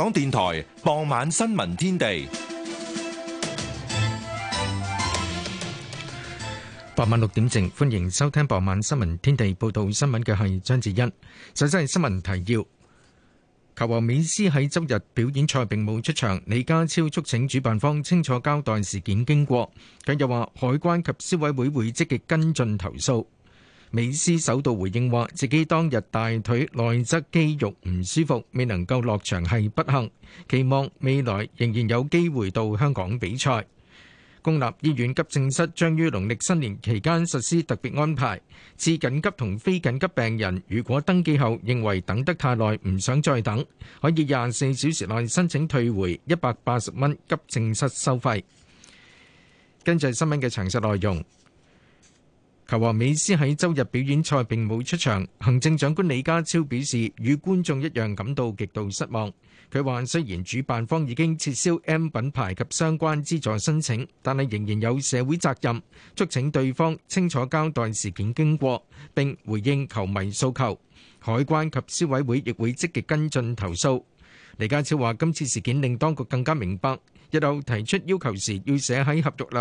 港電台傍晚新聞天地，傍晚六點正歡迎收聽傍晚新聞天地。報道新聞嘅係張智欣。首先係新聞提要：球王美斯喺周日表演賽並冇出場，李家超促請主辦方清楚交代事件經過。近日話海關及消委會會積極跟進投訴。美斯首度回應話，自己當日大腿內側肌肉唔舒服，未能夠落場係不幸，期望未來仍然有機會到香港比賽。公立醫院急症室將於農曆新年期間實施特別安排，次緊急同非緊急病人如果登記後認為等得太耐唔想再等，可以廿四小時內申請退回一百八十蚊急症室收費。跟住係新聞嘅詳細內容。球王美斯喺週日表演賽並冇出場，行政長官李家超表示，與觀眾一樣感到極度失望。佢話：雖然主辦方已經撤銷 M 品牌及相關資助申請，但係仍然有社會責任，促請對方清楚交代事件經過，並回應球迷訴求。海關及消委會亦會積極跟進投訴。李家超話：今次事件令當局更加明白。一度提出要求時，要寫喺合約內，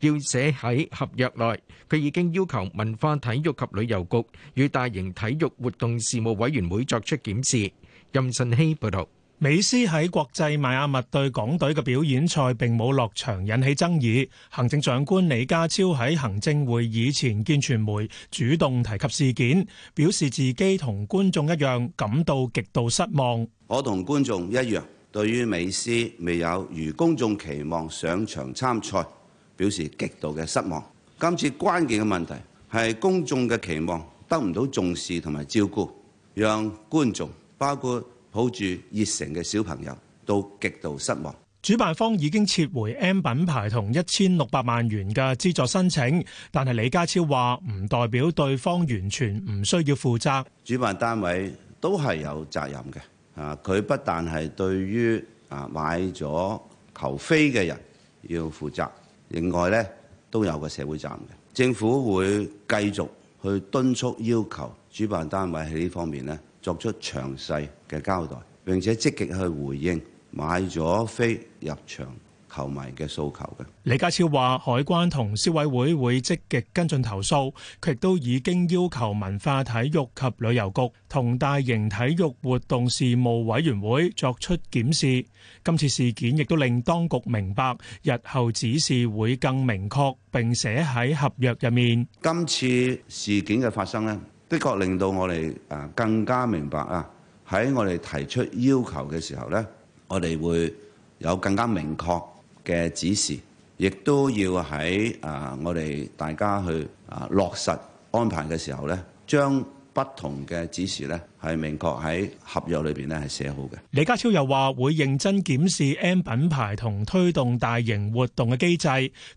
要寫喺合約內。佢已經要求文化體育及旅遊局與大型體育活動事務委員會作出檢視。任信希報道。美斯喺國際邁阿密對港隊嘅表演賽並冇落場，引起爭議。行政長官李家超喺行政會議前見傳媒，主動提及事件，表示自己同觀眾一樣感到極度失望。我同觀眾一樣。對於美斯未有如公眾期望上場參賽，表示極度嘅失望。今次關鍵嘅問題係公眾嘅期望得唔到重視同埋照顧，讓觀眾包括抱住熱誠嘅小朋友都極度失望。主辦方已經撤回 M 品牌同一千六百萬元嘅資助申請，但係李家超話唔代表對方完全唔需要負責。主辦單位都係有責任嘅。啊！佢不但係對於啊買咗球飛嘅人要負責，另外呢都有個社會責任。政府會繼續去敦促要求主辦單位喺呢方面呢作出詳細嘅交代，並且積極去回應買咗飛入場球迷嘅訴求嘅。李家超話：海關同消委會會積極跟進投訴，佢亦都已經要求文化體育及旅遊局同大型體育活動事務委員會作出檢視。今次事件亦都令當局明白，日後指示會更明確，並寫喺合約入面。今次事件嘅發生呢，的確令到我哋誒更加明白啊！喺我哋提出要求嘅時候呢，我哋會有更加明確嘅指示，亦都要喺啊、呃，我哋大家去啊、呃、落實安排嘅時候咧，將。不同嘅指示呢，係明確喺合約裏邊呢，係寫好嘅。李家超又話會認真檢視 M 品牌，同推動大型活動嘅機制，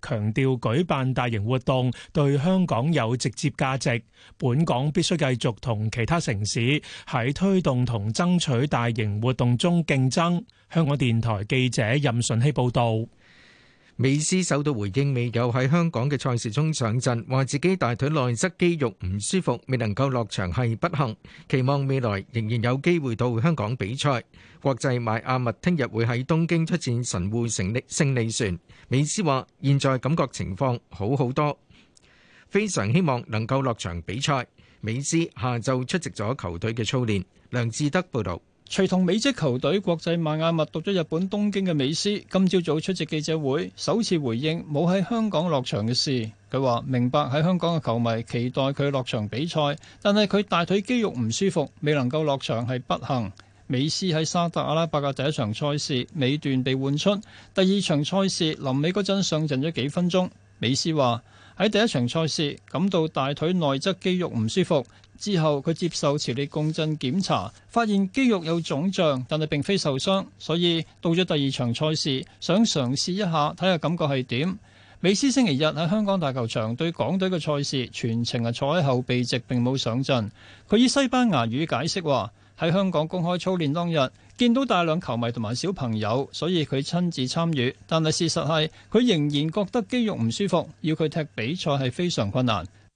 強調舉辦大型活動對香港有直接價值。本港必須繼續同其他城市喺推動同爭取大型活動中競爭。香港電台記者任順希報道。美斯首度回應，未有喺香港嘅賽事中上陣，話自己大腿內側肌，肌肉唔舒服，未能夠落場係不幸，期望未來仍然有機會到香港比賽。國際邁阿密聽日會喺東京出戰神戶成的勝利船。美斯話：現在感覺情況好好多，非常希望能夠落場比賽。美斯下晝出席咗球隊嘅操練。梁志德報道。隨同美職球隊國際邁亞密讀咗日本東京嘅美斯，今朝早出席記者會，首次回應冇喺香港落場嘅事。佢話明白喺香港嘅球迷期待佢落場比賽，但係佢大腿肌肉唔舒服，未能夠落場係不幸。美斯喺沙特阿拉伯嘅第一場賽事尾段被換出，第二場賽事臨尾嗰陣上陣咗幾分鐘。美斯話喺第一場賽事感到大腿內側肌肉唔舒服。之後，佢接受磁力共振檢查，發現肌肉有腫脹，但係並非受傷，所以到咗第二場賽事，想嘗試一下睇下感覺係點。美斯星期日喺香港大球場對港隊嘅賽事，全程係坐喺後備席並冇上陣。佢以西班牙語解釋話：喺香港公開操練當日，見到大量球迷同埋小朋友，所以佢親自參與。但係事實係，佢仍然覺得肌肉唔舒服，要佢踢比賽係非常困難。美斯話：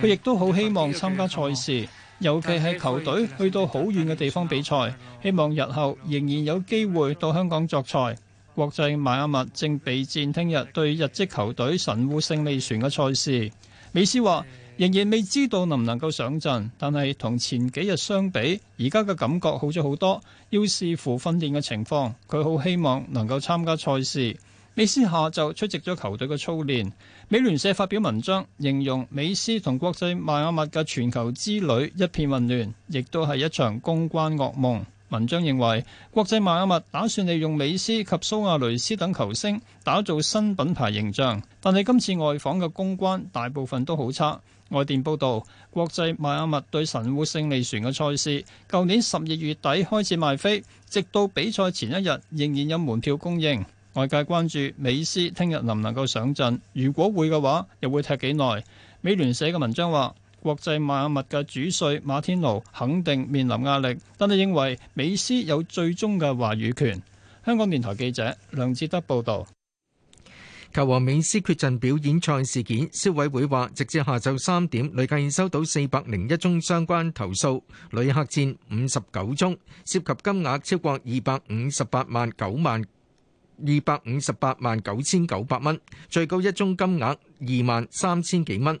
佢亦都好希望參加賽事，尤其係球隊去到好遠嘅地方比賽，希望日後仍然有機會到香港作賽。國際邁阿密正備戰聽日對日籍球隊神戶勝利船嘅賽事。美斯話。仍然未知道能唔能夠上陣，但係同前幾日相比，而家嘅感覺好咗好多。要視乎訓練嘅情況，佢好希望能夠參加賽事。美斯下晝出席咗球隊嘅操練，美聯社發表文章，形容美斯同國際邁阿密嘅全球之旅一片混亂，亦都係一場公關噩夢，文章認為國際邁阿密打算利用美斯及蘇亞雷斯等球星打造新品牌形象，但係今次外訪嘅公關大部分都好差。外電報道，國際邁阿密對神戶勝利船嘅賽事，舊年十二月底開始賣飛，直到比賽前一日仍然有門票供應。外界關注美斯聽日能唔能夠上陣，如果會嘅話，又會踢幾耐？美聯社嘅文章話，國際邁阿密嘅主帥馬天奴肯定面臨壓力，但係認為美斯有最終嘅話語權，香港電台記者梁志德報道。球王美斯缺陣表演賽事件，消委會話，直至下晝三點，累計收到四百零一宗相關投訴，旅客佔五十九宗，涉及金額超過二百五十八萬九萬二百五十八萬九千九百蚊，最高一宗金額二萬三千幾蚊。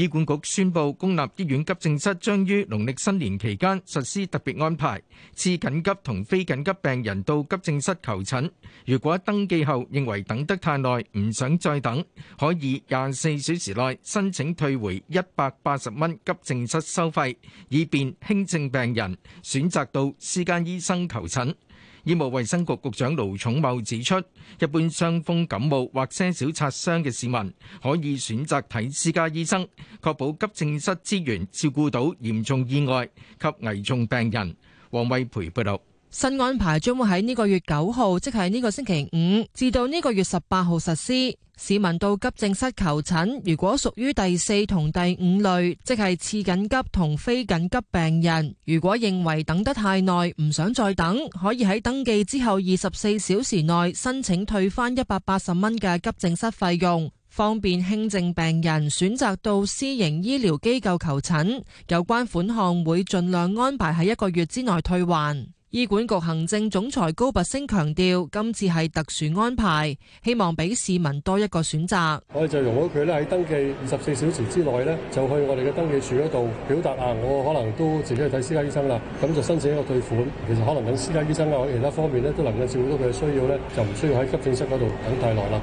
醫管局宣布，公立醫院急症室將於農曆新年期間實施特別安排，次緊急同非緊急病人到急症室求診。如果登記後認為等得太耐，唔想再等，可以廿四小時內申請退回一百八十蚊急症室收費，以便輕症病人選擇到私家醫生求診。醫務衛生局局長盧寵茂指出，一般傷風感冒或些小擦傷嘅市民可以選擇睇私家醫生，確保急症室資源照顧到嚴重意外及危重病人。王惠培報道。新安排將會喺呢個月九號，即係呢個星期五，至到呢個月十八號實施。市民到急症室求診，如果屬於第四同第五類，即係次緊急同非緊急病人，如果認為等得太耐，唔想再等，可以喺登記之後二十四小時內申請退翻一百八十蚊嘅急症室費用，方便輕症病人選擇到私營醫療機構求診。有關款，款項會盡量安排喺一個月之內退還。醫管局行政總裁高拔升強調，今次係特殊安排，希望俾市民多一個選擇。我哋就容許佢咧喺登記二十四小時之內咧，就去我哋嘅登記處嗰度表達啊，我可能都自己去睇私家醫生啦。咁就申請一個退款。其實可能等私家醫生啊，或者其他方面咧，都能夠照顧到佢嘅需要咧，就唔需要喺急症室嗰度等太耐啦。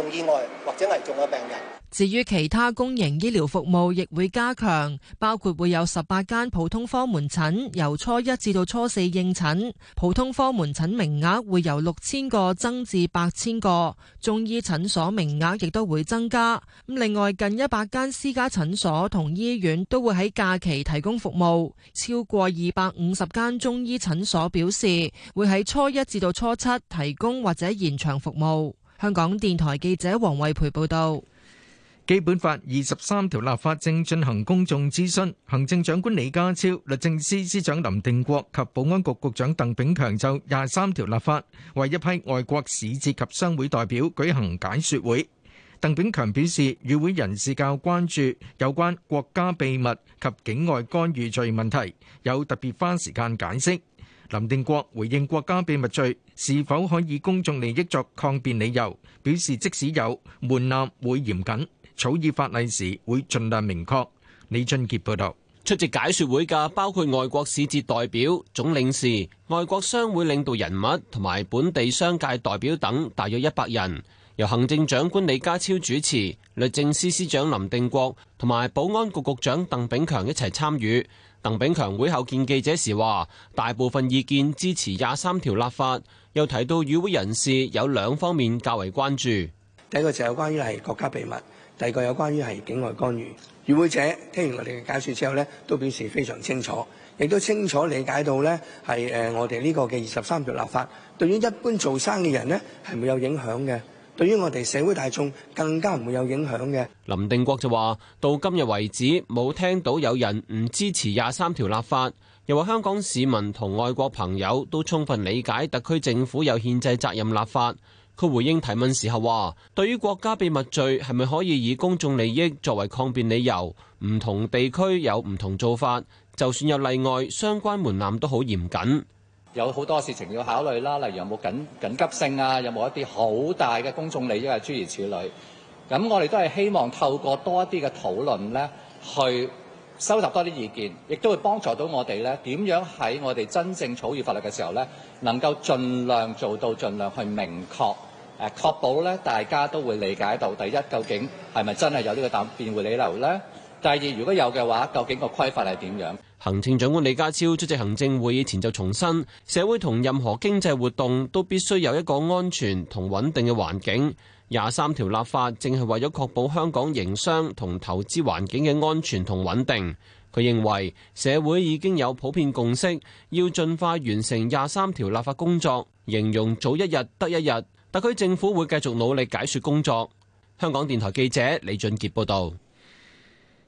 重意外或者危重嘅病人。至於其他公營醫療服務亦會加強，包括會有十八間普通科門診由初一至到初四應診，普通科門診名額會由六千個增至八千個，中醫診所名額亦都會增加。咁另外近一百間私家診所同醫院都會喺假期提供服務，超過二百五十間中醫診所表示會喺初一至到初七提供或者延長服務。香港電台記者黃慧培報道：基本法二十三條立法正進行公眾諮詢，行政長官李家超、律政司司長林定國及保安局局長鄧炳強就廿三條立法為一批外國使節及商會代表舉行解說會。鄧炳強表示，與會人士較關注有關國家秘密及境外干預罪問題，有特別花時間解釋。林定國回應國家秘密罪是否可以公眾利益作抗辯理由，表示即使有，門檻會嚴謹，草擬法例時會盡量明確。李俊杰報道，出席解說會嘅包括外國使節代表、總領事、外國商會領導人物同埋本地商界代表等，大約一百人。由行政長官李家超主持，律政司司長林定國同埋保安局局長鄧炳強一齊參與。鄧炳強會後見記者時話，大部分意見支持廿三條立法，又提到與會人士有兩方面較為關注。第一個就有關於係國家秘密，第二個有關於係境外干預。與會者聽完我哋嘅解說之後呢，都表示非常清楚，亦都清楚理解到呢係誒我哋呢個嘅二十三條立法對於一般做生意人呢係沒有影響嘅。對於我哋社會大眾更加唔會有影響嘅。林定國就話：到今日為止冇聽到有人唔支持廿三條立法，又話香港市民同外國朋友都充分理解特區政府有憲制責任立法。佢回應提問時候話：對於國家秘密罪係咪可以以公眾利益作為抗辯理由？唔同地區有唔同做法，就算有例外，相關門檻都好嚴謹。有好多事情要考慮啦，例如有冇緊緊急性啊，有冇一啲好大嘅公眾利益啊，諸如此類，咁我哋都係希望透過多一啲嘅討論咧，去收集多啲意見，亦都會幫助到我哋咧點樣喺我哋真正草擬法律嘅時候咧，能夠盡量做到盡量去明確誒確保咧，大家都會理解到第一究竟係咪真係有呢個答辯護理由咧？第二如果有嘅話究竟個規範係點樣？行政長官李家超出席行政會議前就重申，社會同任何經濟活動都必須有一個安全同穩定嘅環境。廿三條立法正係為咗確保香港營商同投資環境嘅安全同穩定。佢認為社會已經有普遍共識，要盡快完成廿三條立法工作，形容早一日得一日。特區政府會繼續努力解說工作。香港電台記者李俊傑報道。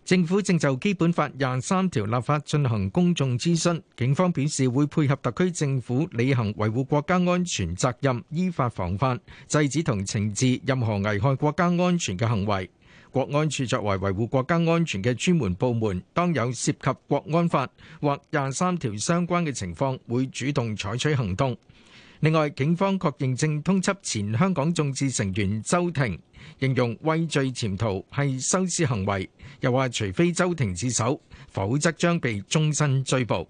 政府正就《基本法》廿三條立法進行公眾諮詢。警方表示會配合特區政府履行維護國家安全責任，依法防範、制止同懲治任何危害國家安全嘅行為。國安處作為維護國家安全嘅專門部門，當有涉及《國安法》或廿三條相關嘅情況，會主動採取行動。另外，警方確認正通緝前香港眾志成員周庭，形容畏罪潛逃係收屍行為，又話除非周庭自首，否則將被終身追捕。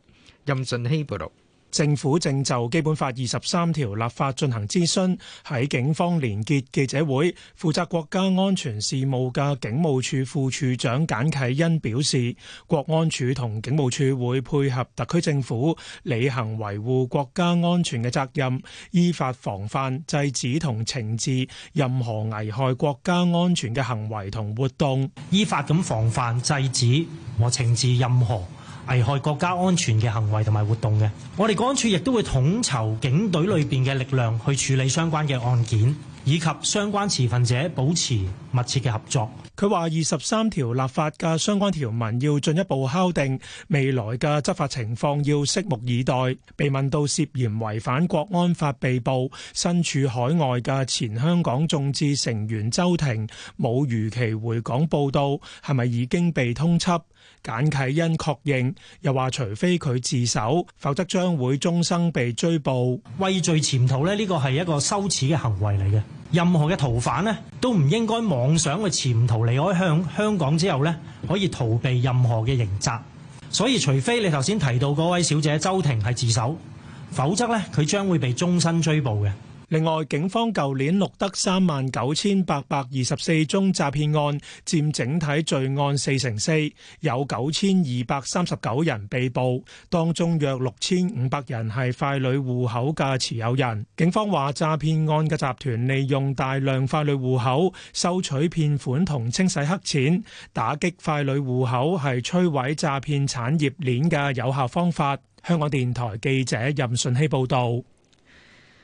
任信希報導。政府正就《基本法》二十三條立法進行諮詢，喺警方連結記者會，負責國家安全事務嘅警務處副處長簡啟恩表示，國安處同警務處會配合特區政府，履行維護國家安全嘅責任，依法防範、制止同懲治任何危害國家安全嘅行為同活動，依法咁防範、制止和懲治任何。危害國家安全嘅行為同埋活動嘅，我哋公安處亦都會統籌警隊裏邊嘅力量去處理相關嘅案件，以及相關持份者保持密切嘅合作。佢話二十三條立法嘅相關條文要進一步敲定，未來嘅執法情況要拭目以待。被問到涉嫌違反國安法被捕、身處海外嘅前香港眾志成員周庭冇如期回港報到，係咪已經被通緝？簡啟恩確認，又話除非佢自首，否則將會終生被追捕。畏罪潛逃咧，呢個係一個羞恥嘅行為嚟嘅。任何嘅逃犯呢，都唔應該妄想去潛逃離開向香港之後呢，可以逃避任何嘅刑責。所以，除非你頭先提到嗰位小姐周庭係自首，否則呢，佢將會被終身追捕嘅。另外，警方舊年錄得三萬九千八百二十四宗詐騙案，佔整體罪案四成四，有九千二百三十九人被捕，當中約六千五百人係傀儡戶口嘅持有人。警方話，詐騙案嘅集團利用大量傀儡戶口收取騙款同清洗黑錢，打擊傀儡戶口係摧毀詐騙產業鏈嘅有效方法。香港電台記者任順希報導。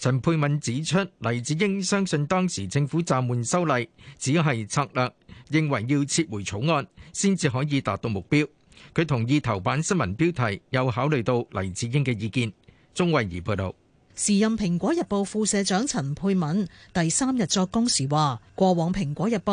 陳佩敏指出，黎智英相信當時政府暫緩修例只係策略，認為要撤回草案先至可以達到目標。佢同意頭版新聞標題，又考慮到黎智英嘅意見。鍾慧儀報導，時任《蘋果日報》副社長陳佩敏第三日作供時話，過往《蘋果日報》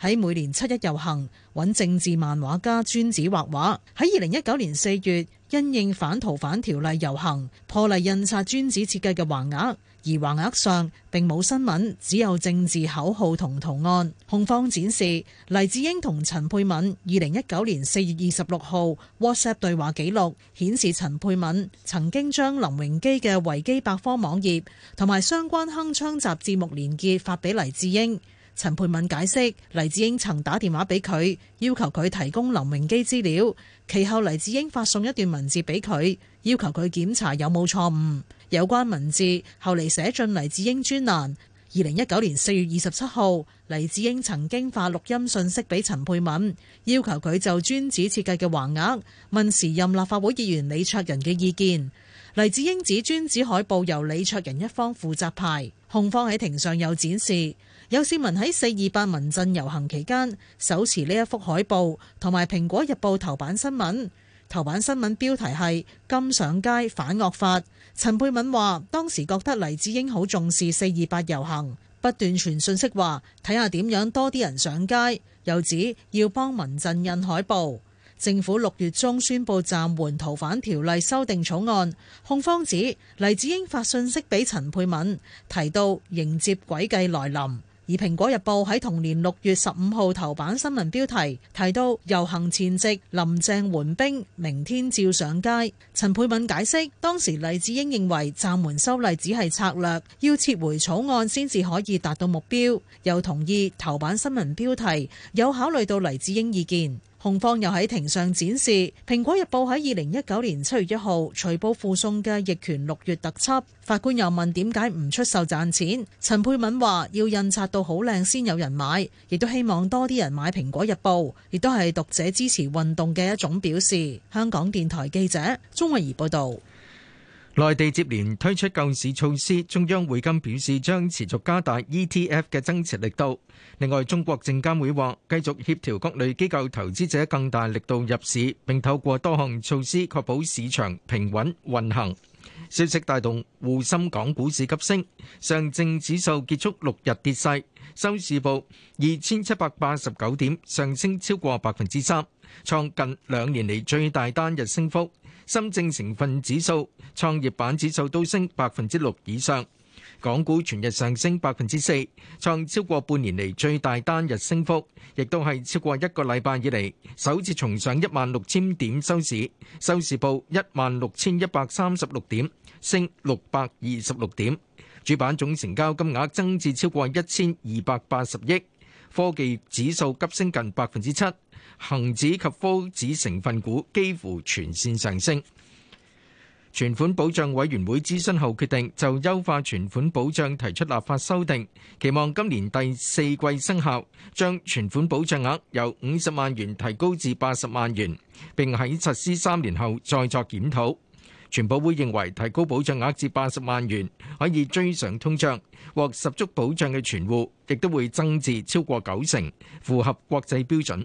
喺每年七一遊行揾政治漫畫家專紙畫畫，喺二零一九年四月因應反逃犯條例遊行破例印刷專紙設計嘅橫額。而橫額上並冇新聞，只有政治口號同圖案。控方展示黎智英同陳佩敏二零一九年四月二十六號 WhatsApp 對話記錄，顯示陳佩敏曾經將林榮基嘅維基百科網頁同埋相關鏗鏘集節目連結發俾黎智英。陳佩敏解釋黎智英曾打電話俾佢，要求佢提供林榮基資料。其後黎智英發送一段文字俾佢，要求佢檢查有冇錯誤。有關文字後嚟寫進黎智英專欄。二零一九年四月二十七號，黎智英曾經發錄音訊息俾陳佩敏，要求佢就專紙設計嘅橫額問時任立法會議員李卓人嘅意見。黎智英指專紙海報由李卓人一方負責派。控方喺庭上有展示，有市民喺四二八民陣遊行期間手持呢一幅海報同埋《蘋果日報》頭版新聞。頭版新聞標題係金上街反惡法。陳佩敏話，當時覺得黎智英好重視四二八遊行，不斷傳信息話睇下點樣多啲人上街，又指要幫民陣印海報。政府六月中宣布暫緩逃犯條例修訂草案，控方指黎智英發信息俾陳佩敏，提到迎接鬼計來臨。而《蘋果日報》喺同年六月十五號頭版新聞標題提到遊行前夕林鄭緩兵，明天照上街。陳佩敏解釋當時黎智英認為暫緩修例只係策略，要撤回草案先至可以達到目標，又同意頭版新聞標題有考慮到黎智英意見。控方又喺庭上展示《蘋果日報》喺二零一九年七月一號隨報附送嘅《逆權六月特輯》。法官又問點解唔出售賺錢？陳佩敏話要印刷到好靚先有人買，亦都希望多啲人買《蘋果日報》，亦都係讀者支持運動嘅一種表示。香港電台記者鍾慧儀報道。內地接連推出救市措施，中央匯金表示將持續加大 ETF 嘅增持力度。另外，中國證監會話繼續協調各類機構投資者更大力度入市，並透過多項措施確保市場平穩運行。消息帶動滬深港股市急升，上證指數結束6日跌勢，收市報2789點，上升超過3%，創近兩年嚟最大單日升幅。深證成分指數、創業板指數都升百分之六以上，港股全日上升百分之四，創超過半年嚟最大單日升幅，亦都係超過一個禮拜以嚟首次重上一萬六千點收市，收市報一萬六千一百三十六點，升六百二十六點，主板總成交金額增至超過一千二百八十億，科技指數急升近百分之七。恒指及科指成分股幾乎全線上升。存款保障委員會諮詢後決定就優化存款保障提出立法修訂，期望今年第四季生效，將存款保障額由五十萬元提高至八十萬元，並喺實施三年後再作檢討。全保會認為提高保障額至八十萬元可以追上通脹，獲十足保障嘅存戶亦都會增至超過九成，符合國際標準。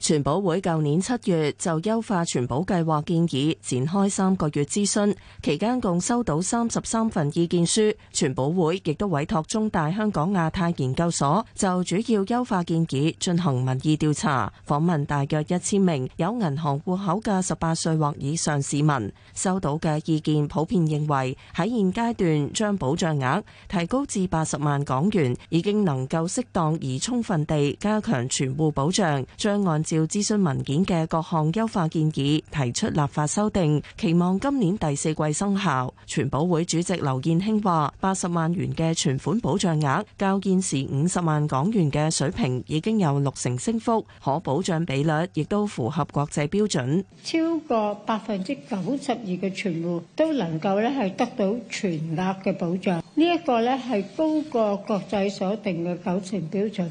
存保會舊年七月就優化存保計劃建議展開三個月諮詢，期間共收到三十三份意見書。存保會亦都委託中大香港亞太研究所就主要優化建議進行民意調查，訪問大約一千名有銀行戶口嘅十八歲或以上市民。收到嘅意見普遍認為，喺現階段將保障額提高至八十萬港元，已經能夠適當而充分地加強存戶保障。將按照諮詢文件嘅各項優化建議提出立法修訂，期望今年第四季生效。存保會主席劉建興話：八十萬元嘅存款保障額，較現時五十萬港元嘅水平，已經有六成升幅，可保障比率亦都符合國際標準。超過百分之九十二嘅存戶都能夠咧係得到全額嘅保障，呢一個咧係高過國際所定嘅九成標準。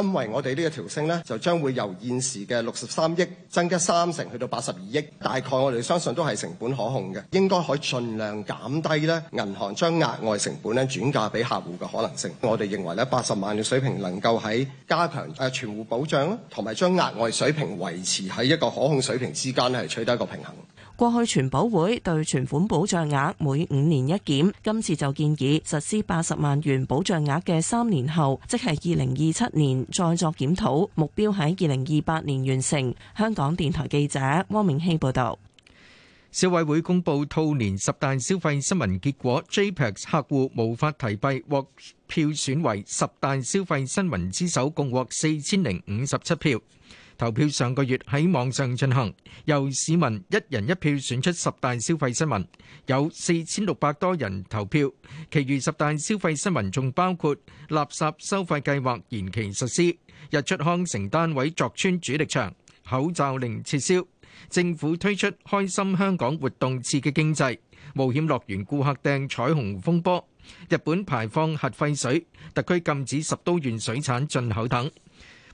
因為我哋呢個調升呢，就將會由現時嘅六十三億增加三成，去到八十二億。大概我哋相信都係成本可控嘅，應該可以盡量減低呢，銀行將額外成本呢轉嫁俾客戶嘅可能性。我哋認為呢，八十萬嘅水平能夠喺加強誒存戶保障啦，同埋將額外水平維持喺一個可控水平之間，係取得一個平衡。過去存保會對存款保障額每五年一檢，今次就建議實施八十萬元保障額嘅三年後，即係二零二七年再作檢討，目標喺二零二八年完成。香港電台記者汪明希報道。消委會公布兔年十大消費新聞結果，JPEX 客戶無法提幣獲票選為十大消費新聞之首，共獲四千零五十七票。投票上個月喺網上進行，由市民一人一票選出十大消費新聞，有四千六百多人投票。其餘十大消費新聞仲包括垃圾收費計劃延期實施、日出康城單位鑿穿主力牆、口罩令撤銷、政府推出開心香港活動刺激經濟、冒險樂園顧客訂彩虹風波、日本排放核廢水、特區禁止十都縣水產進口等。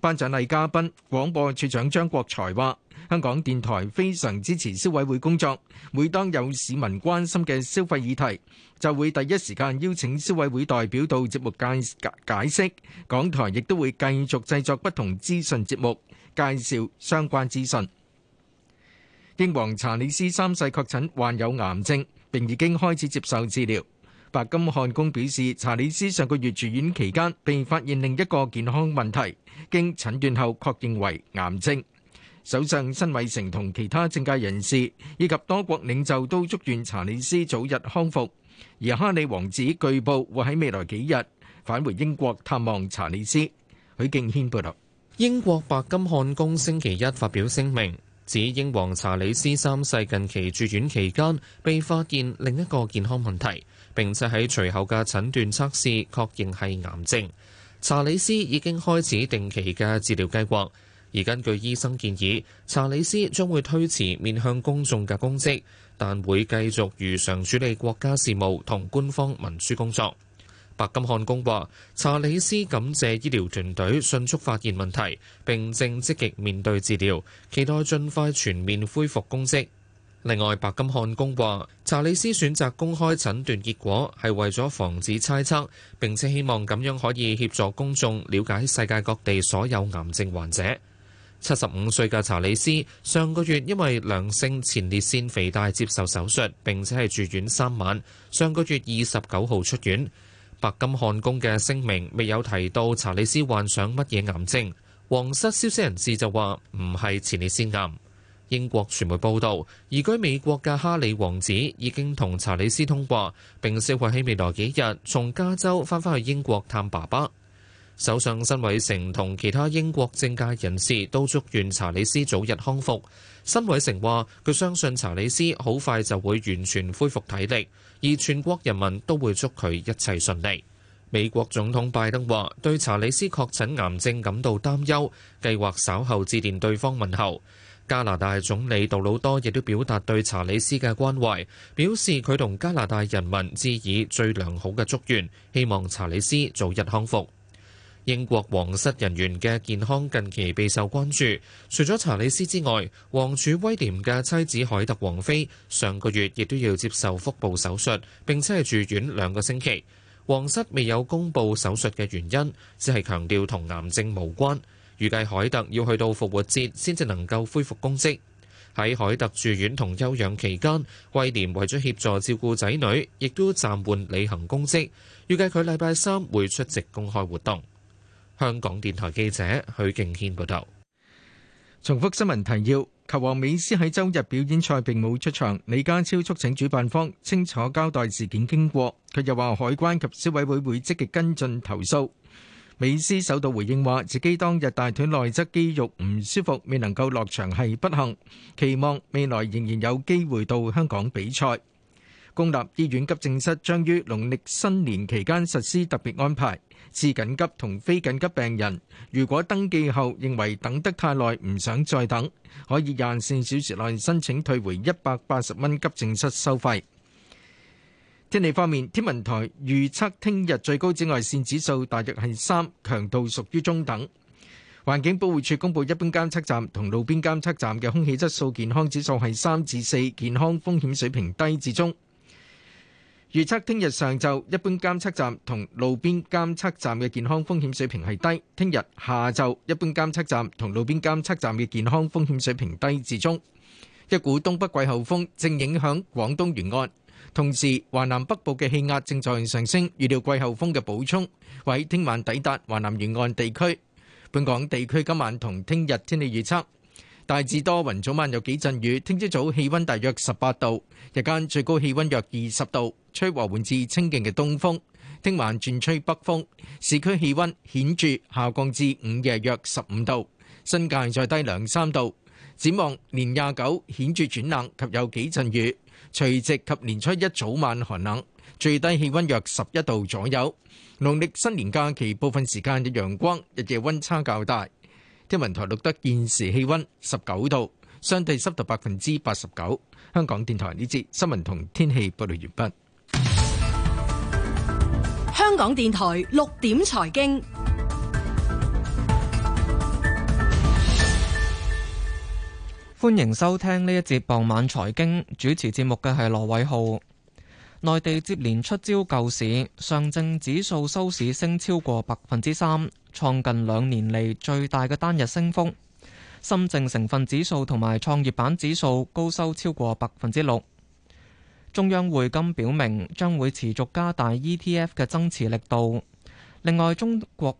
頒獎禮嘉賓廣播處長張國才話：香港電台非常支持消委會工作，每當有市民關心嘅消費議題，就會第一時間邀請消委會代表到節目間解釋。港台亦都會繼續製作不同資訊節目，介紹相關資訊。英皇查理斯三世確診患有癌症，並已經開始接受治療。白金漢宮表示，查理斯上個月住院期間被發現另一個健康問題，經診斷後確認為癌症。首相辛偉成同其他政界人士以及多國領袖都祝願查理斯早日康復，而哈里王子據報會喺未來幾日返回英國探望查理斯。許敬軒報道，英國白金漢宮星期一發表聲明，指英皇查理斯三世近期住院期間被發現另一個健康問題，並且喺隨後嘅診斷測試確認係癌症。查理斯已經開始定期嘅治療計劃，而根據醫生建議，查理斯將會推遲面向公眾嘅公職，但會繼續如常處理國家事務同官方文書工作。白金漢宮話，查理斯感謝醫療團隊迅速發現問題，並正積極面對治療，期待盡快全面恢復公職。另外，白金漢宮話查理斯選擇公開診斷結果係為咗防止猜測，並且希望咁樣可以協助公眾了解世界各地所有癌症患者。七十五歲嘅查理斯上個月因為良性前列腺肥大接受手術，並且係住院三晚。上個月二十九號出院。白金漢宮嘅聲明未有提到查理斯患上乜嘢癌症。皇室消息人士就話唔係前列腺癌。英國傳媒報道，移居美國嘅哈里王子已經同查理斯通話，並計劃喺未來幾日從加州翻返去英國探爸爸。首相辛偉誠同其他英國政界人士都祝願查理斯早日康復。辛偉誠話，佢相信查理斯好快就會完全恢復體力，而全國人民都會祝佢一切順利。美國總統拜登話，對查理斯確診癌症感到擔憂，計劃稍後致電對方問候。加拿大總理杜魯多亦都表達對查理斯嘅關懷，表示佢同加拿大人民致以最良好嘅祝願，希望查理斯早日康復。英國皇室人員嘅健康近期備受關注，除咗查理斯之外，王儲威廉嘅妻子凱特王妃上個月亦都要接受腹部手術，並且係住院兩個星期。皇室未有公布手術嘅原因，只係強調同癌症無關。預計凱特要去到復活節先至能夠恢復公職。喺凱特住院同休養期間，威廉為咗協助照顧仔女，亦都暫緩履行公職。預計佢禮拜三會出席公開活動。香港電台記者許敬軒報道。重複新聞提要：球王美斯喺周日表演賽並冇出場，李家超促請主辦方清楚交代事件經過。佢又話海關及消委會會積極跟進投訴。美斯首度回應話，自己當日大腿內側肌肉唔舒服，未能夠落場係不幸，期望未來仍然有機會到香港比賽。公立醫院急症室將於農曆新年期間實施特別安排，次緊急同非緊急病人，如果登記後認為等得太耐唔想再等，可以廿四小時內申請退回一百八十蚊急症室收費。天氣方面，天文台預測聽日最高紫外線指數大約係三，強度屬於中等。環境保護署公布一般監測站同路邊監測站嘅空氣質素健康指數係三至四，健康風險水平低至中。預測聽日上晝一般監測站同路邊監測站嘅健康風險水平係低；聽日下晝一般監測站同路邊監測站嘅健康風險水平低至中。一股東北季候風正影響廣東沿岸。同時，華南北部嘅氣壓正在上升，預料季候風嘅補充會聽晚抵達華南沿岸地區。本港地區今晚同聽日天氣預測大致多雲，早晚有幾陣雨。聽朝早氣温大約十八度，日間最高氣温約二十度，吹和緩至清勁嘅東風。聽晚轉吹北風，市區氣温顯著下降至午夜約十五度，新界再低兩三度。展望年廿九顯著轉冷及有幾陣雨。除夕及年初一早晚寒冷，最低氣温約十一度左右。農曆新年假期部分時間有陽光，日夜温差較大。天文台錄得現時氣温十九度，相對濕度百分之八十九。香港電台呢節新聞同天氣報道完畢。香港電台六點財經。歡迎收聽呢一節傍晚財經，主持節目嘅係羅偉浩。內地接連出招救市，上證指數收市升超過百分之三，創近兩年嚟最大嘅單日升幅。深證成分指數同埋創業板指數高收超過百分之六。中央匯金表明將會持續加大 ETF 嘅增持力度。另外，中國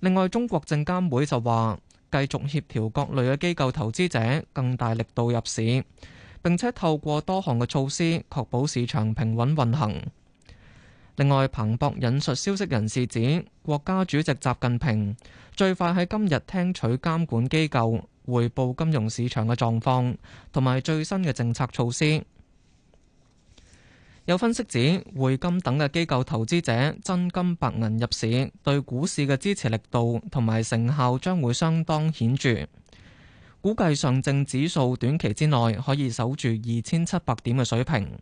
另外中國證監會就話。繼續協調各類嘅機構投資者更大力度入市，並且透過多項嘅措施確保市場平穩運行。另外，彭博引述消息人士指，國家主席習近平最快喺今日聽取監管機構匯報金融市場嘅狀況，同埋最新嘅政策措施。有分析指，匯金等嘅機構投資者真金白銀入市，對股市嘅支持力度同埋成效將會相當顯著。估計上證指數短期之內可以守住二千七百點嘅水平。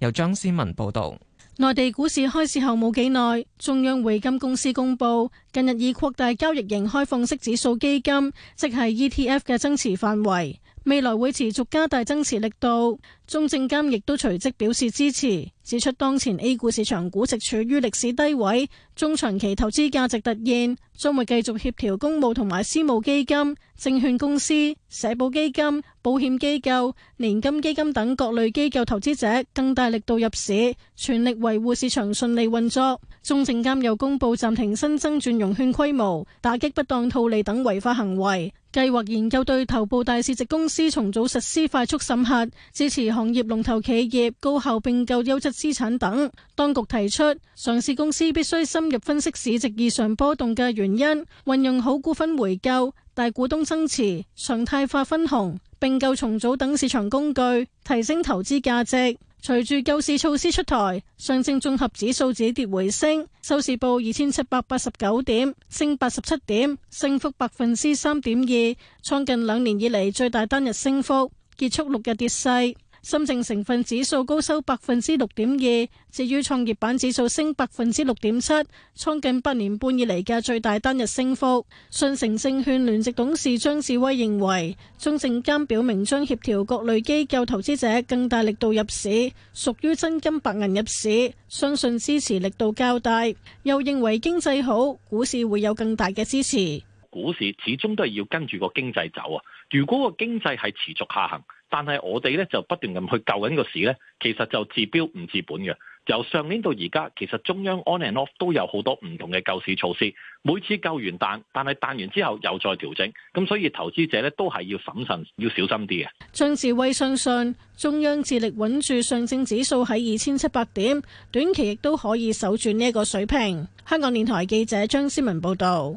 由張思文報道。內地股市開市後冇幾耐，中央匯金公司公佈，近日已擴大交易型開放式指數基金，即係 ETF 嘅增持範圍。未來會持續加大增持力度，中證監亦都隨即表示支持，指出當前 A 股市場估值處於歷史低位，中長期投資價值凸顯，將會繼續協調公募同埋私募基金、證券公司、社保基金、保險機構、年金基金等各類機構投資者更大力度入市，全力維護市場順利運作。中證監又公布暫停新增轉融券規模，打擊不當套利等違法行為。計劃研究對頭部大市值公司重組實施快速審核，支持行業龍頭企業高效併購優質資產等。當局提出，上市公司必須深入分析市值異常波動嘅原因，運用好股份回購、大股東增持、常態化分紅、併購重組等市場工具，提升投資價值。隨住救市措施出台，上證綜合指數止跌回升，收市報二千七百八十九點，升八十七點，升幅百分之三點二，創近兩年以來最大單日升幅，結束六日跌勢。深證成分指數高收百分之六點二，至於創業板指數升百分之六點七，創近八年半以嚟嘅最大單日升幅。信誠證券聯席董事張志威認為，中證監表明將協調各類機構投資者更大力度入市，屬於真金白銀入市，相信支持力度較大。又認為經濟好，股市會有更大嘅支持。股市始終都係要跟住個經濟走啊！如果個經濟係持續下行，但係我哋咧就不斷咁去救緊呢個市呢，其實就治標唔治本嘅。由上年到而家，其實中央 on and off 都有好多唔同嘅救市措施。每次救完彈，但係彈完之後又再調整，咁所以投資者呢，都係要審慎，要小心啲嘅。張志威相信，信中央致力穩住上證指數喺二千七百點，短期亦都可以守住呢一個水平。香港電台記者張思文報道。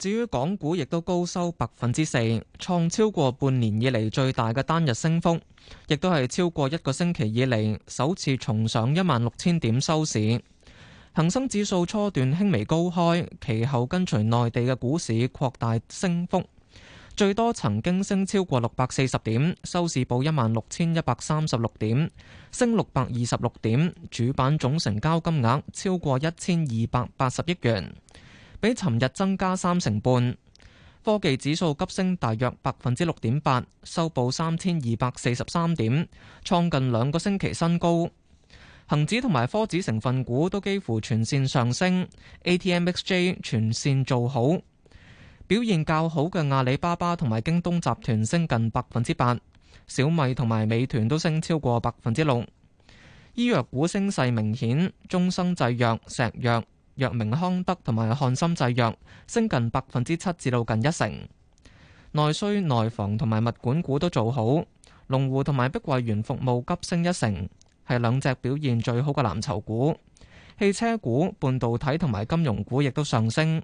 至於港股亦都高收百分之四，創超過半年以嚟最大嘅單日升幅，亦都係超過一個星期以嚟首次重上一萬六千點收市。恒生指數初段輕微高開，其後跟隨內地嘅股市擴大升幅，最多曾經升超過六百四十點，收市報一萬六千一百三十六點，升六百二十六點。主板總成交金額超過一千二百八十億元。比尋日增加三成半，科技指數急升大約百分之六點八，收報三千二百四十三點，創近兩個星期新高。恒指同埋科指成分股都幾乎全線上升，A T M X J 全線做好，表現較好嘅阿里巴巴同埋京東集團升近百分之八，小米同埋美團都升超過百分之六。醫藥股升勢明顯，中生製藥、石藥、藥明康德同埋漢森製藥升近百分之七，至到近一成。內需內房同埋物管股都做好，龍湖同埋碧桂園服務急升一成，係兩隻表現最好嘅藍籌股。汽車股、半導體同埋金融股亦都上升。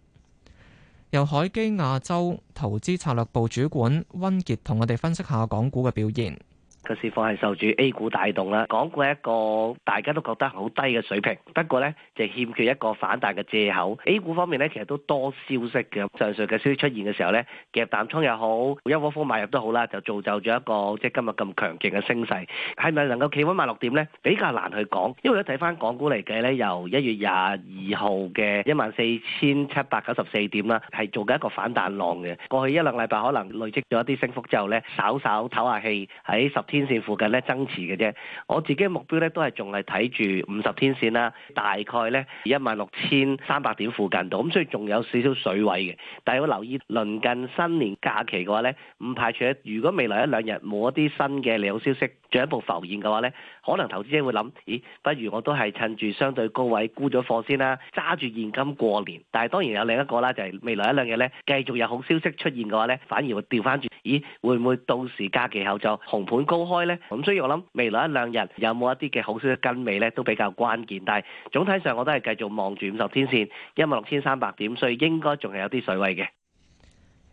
由海基亞洲投資策略部主管溫杰同我哋分析下港股嘅表現。個市況係受住 A 股帶動啦，港股一個大家都覺得好低嘅水平，不過咧就欠缺一個反彈嘅借口。A 股方面咧，其實都多消息嘅，上述嘅消息出現嘅時候咧，夾淡倉又好，一窩蜂買入都好啦，就造就咗一個即係今日咁強勁嘅升勢。係咪能夠企穩萬六點咧？比較難去講，因為一睇翻港股嚟計咧，由一月廿二號嘅一萬四千七百九十四點啦，係做緊一個反彈浪嘅。過去一兩禮拜可能累積咗一啲升幅之後咧，稍稍唞下氣，喺十天天線附近咧爭持，嘅啫，我自己目標咧都係仲係睇住五十天線啦，大概咧一萬六千三百點附近度，咁所以仲有少少水位嘅。但係我留意，鄰近新年假期嘅話咧，唔排除如果未來一兩日冇一啲新嘅利好消息。如果一部浮現嘅話呢，可能投資者會諗，咦，不如我都係趁住相對高位沽咗貨先啦，揸住現金過年。但係當然有另一個啦，就係、是、未來一兩日呢，繼續有好消息出現嘅話呢，反而會調翻轉。咦，會唔會到時加期假期後就紅盤高開呢？咁所以我諗未來一兩日有冇一啲嘅好消息跟尾呢，都比較關鍵。但係總體上我都係繼續望住五十天線一萬六千三百點，所以應該仲係有啲水位嘅。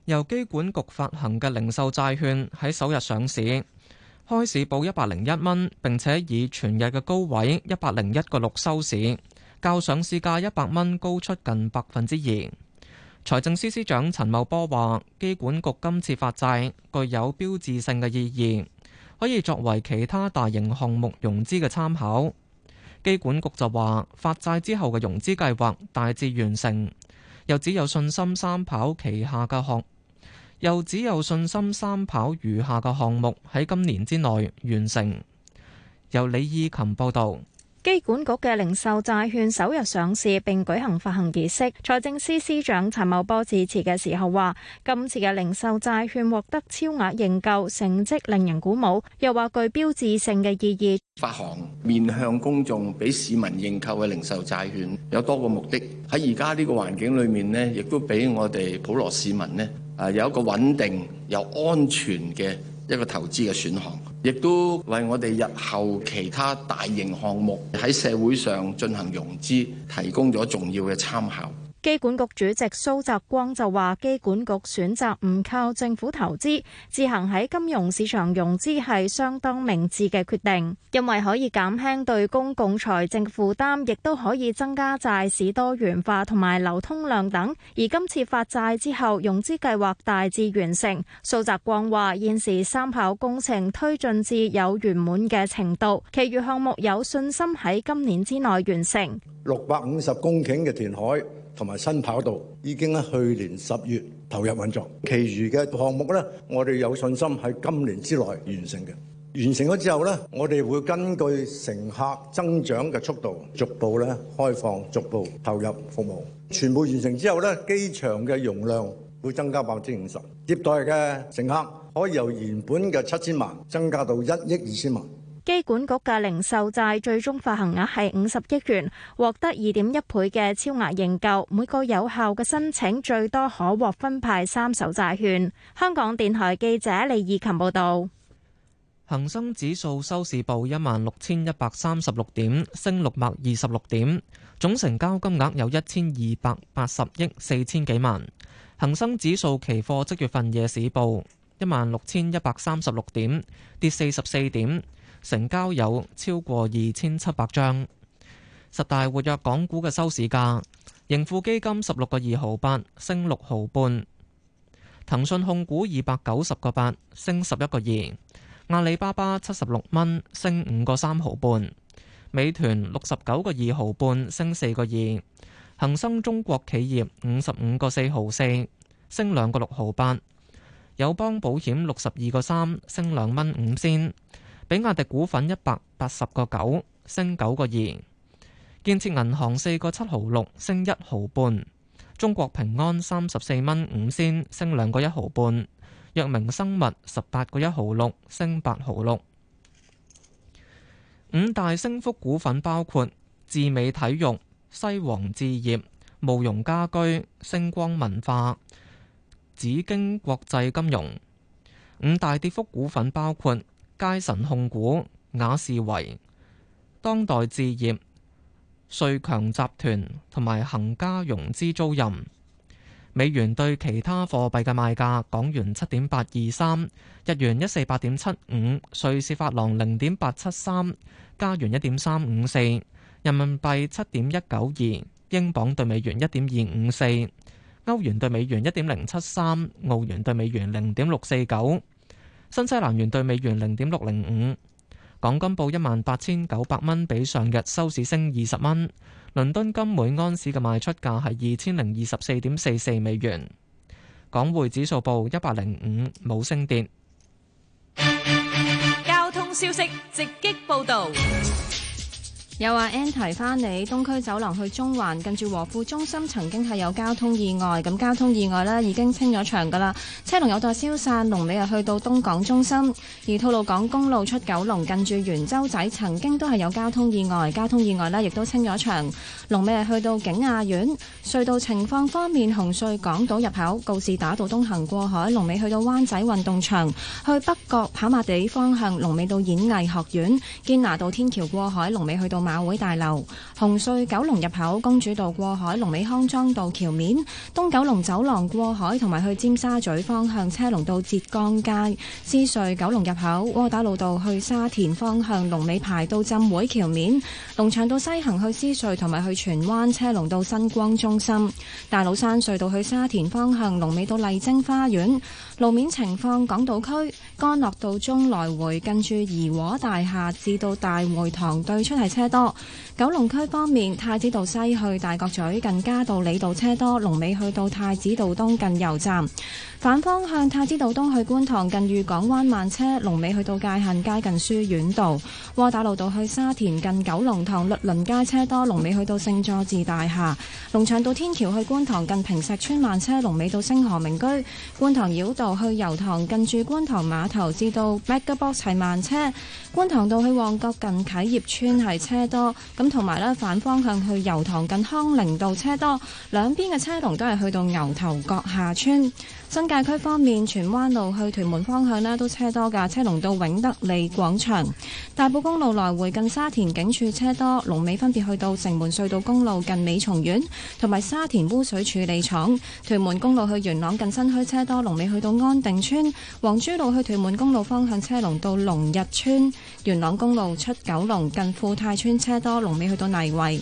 由機管局發行嘅零售債券喺首日上市，開市報一百零一蚊，並且以全日嘅高位一百零一個六收市，較上市價一百蚊高出近百分之二。財政司司長陳茂波話，機管局今次發債具有標誌性嘅意義，可以作為其他大型項目融資嘅參考。機管局就話，發債之後嘅融資計劃大致完成，又只有信心三跑旗下嘅學。又只有信心，三跑餘下嘅項目喺今年之內完成。由李依琴報道。機管局嘅零售債券首日上市，並舉行發行儀式。財政司司長陳茂波致辭嘅時候話，今次嘅零售債券獲得超額認購，成績令人鼓舞，又話具標誌性嘅意義。發行面向公眾，俾市民認購嘅零售債券有多個目的。喺而家呢個環境裏面呢，亦都俾我哋普羅市民呢。啊，有一個穩定又安全嘅一個投資嘅選項，亦都為我哋日後其他大型項目喺社會上進行融資提供咗重要嘅參考。機管局主席蘇澤光就話，機管局選擇唔靠政府投資，自行喺金融市場融資係相當明智嘅決定，因為可以減輕對公共財政負擔，亦都可以增加債市多元化同埋流通量等。而今次發債之後，融資計劃大致完成。蘇澤光話，現時三跑工程推進至有圓滿嘅程度，其餘項目有信心喺今年之內完成六百五十公頃嘅填海。同埋新跑道已經喺去年十月投入運作，其餘嘅項目咧，我哋有信心喺今年之內完成嘅。完成咗之後咧，我哋會根據乘客增長嘅速度，逐步咧開放，逐步投入服務。全部完成之後咧，機場嘅容量會增加百分之五十，接待嘅乘客可以由原本嘅七千萬增加到一億二千萬。機管局嘅零售債最終發行額係五十億元，獲得二點一倍嘅超額認購，每個有效嘅申請最多可獲分派三手債券。香港電台記者李義琴報道。恒生指數收市報一萬六千一百三十六點，升六百二十六點，總成交金額有一千二百八十億四千幾萬。恒生指數期貨即月份夜市報一萬六千一百三十六點，跌四十四點。成交有超過二千七百張。十大活躍港股嘅收市價，盈富基金十六個二毫八，升六毫半；騰訊控股二百九十個八，升十一個二；阿里巴巴七十六蚊，升五個三毫半；美團六十九個二毫半，升四個二；恒生中國企業五十五個四毫四，升兩個六毫八；友邦保險六十二個三，升兩蚊五仙。比亞迪股份一百八十個九升九個二，建設銀行四個七毫六升一毫半，中國平安三十四蚊五仙升兩個一毫半，藥明生物十八個一毫六升八毫六。五大升幅股份包括智美體育、西王置業、慕容家居、星光文化、紫荊國際金融。五大跌幅股份包括。佳神控股、雅士維、當代置業、瑞強集團同埋恒嘉融資租賃。美元對其他貨幣嘅賣價：港元七點八二三，日元一四八點七五，瑞士法郎零點八七三，加元一點三五四，人民幣七點一九二，英鎊兌美元一點二五四，歐元兌美元一點零七三，澳元兌美元零點六四九。新西蘭元兌美元零點六零五，港金報一萬八千九百蚊，比上日收市升二十蚊。倫敦金每安士嘅賣出價係二千零二十四點四四美元，港匯指數報一百零五，冇升跌。交通消息直擊報道。有阿 Anty 返你，東區走廊去中環，近住和富中心，曾經係有交通意外，咁交通意外呢已經清咗場噶啦，車龍有待消散。龍尾係去到東港中心，而吐露港公路出九龍，近住圓洲仔，曾經都係有交通意外，交通意外呢亦都清咗場。龍尾係去到景雅苑，隧道情況方面，紅隧港島入口告士打道東行過海，龍尾去到灣仔運動場，去北角跑馬地方向，龍尾到演藝學院，堅拿道天橋過海，龍尾去到。馬會大樓、紅隧九龍入口、公主道過海、龍尾康莊道橋面、東九龍走廊過海，同埋去尖沙咀方向車龍到浙江街；獅隧九龍入口、窩打老道去沙田方向、龍尾排到浸會橋面、龍翔道西行去獅隧，同埋去荃灣車龍到新光中心、大老山隧道去沙田方向、龍尾到麗晶花園。路面情況，港島區干諾道中來回近住怡和大廈至到大會堂對出係車多。九龍區方面，太子道西去大角咀近嘉道理道車多，龍尾去到太子道東近油站。反方向太子道東去觀塘近裕港灣慢車，龍尾去到界限街近書院道。窩打老道去沙田近九龍塘律倫街車多，龍尾去到聖佐治大廈。龍翔道天橋去觀塘近平石村慢車，龍尾到星河明居觀塘繞去油塘近住觀塘碼頭，至到 Megabox 係慢車；觀塘道去旺角近啟業村係車多，咁同埋咧反方向去油塘近康寧道車多，兩邊嘅車龍都係去到牛頭角下村。新界區方面，荃灣路去屯門方向咧都車多噶，車龍到永德利廣場。大埔公路來回近沙田警署車多，龍尾分別去到城門隧道公路近美松苑同埋沙田污水處理廠。屯門公路去元朗近新墟車多，龍尾去到安定村。黃珠路去屯門公路方向車龍到龍日村。元朗公路出九龍近富泰村車多，龍尾去到泥圍。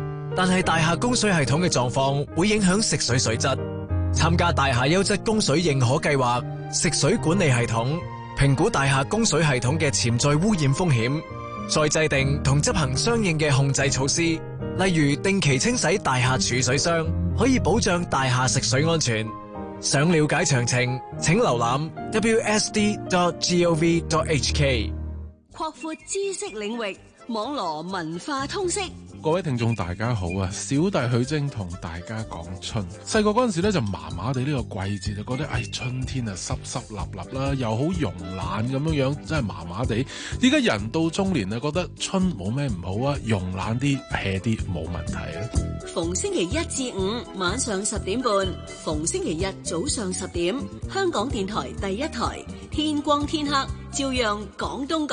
但係大廈供水系統嘅狀況會影響食水水質。參加大廈優質供水認可計劃，食水管理系統評估大廈供水系統嘅潛在污染風險，再制定同執行相應嘅控制措施，例如定期清洗大廈儲水箱，可以保障大廈食水安全。想了解詳情，請瀏覽 wsd.gov.hk。擴闊知識領域，網羅文化通識。各位聽眾大家好啊，小弟許晶同大家講春。細個陣時咧，就麻麻哋呢個季節就覺得哎，春天啊濕濕立立啦，又好慵懶咁樣樣，真係麻麻哋，依家人到中年啊，覺得春冇咩唔好啊，慵懶啲、hea 啲冇問題啊。逢星期一至五晚上十點半，逢星期日早上十點，香港電台第一台，天光天黑照樣廣東。